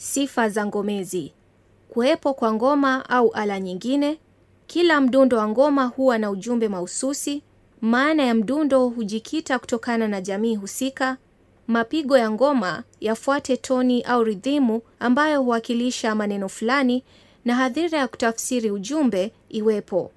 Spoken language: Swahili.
Sifa za ngomezi: kuwepo kwa ngoma au ala nyingine. Kila mdundo wa ngoma huwa na ujumbe mahususi. Maana ya mdundo hujikita kutokana na jamii husika. Mapigo ya ngoma yafuate toni au ridhimu ambayo huwakilisha maneno fulani, na hadhira ya kutafsiri ujumbe iwepo.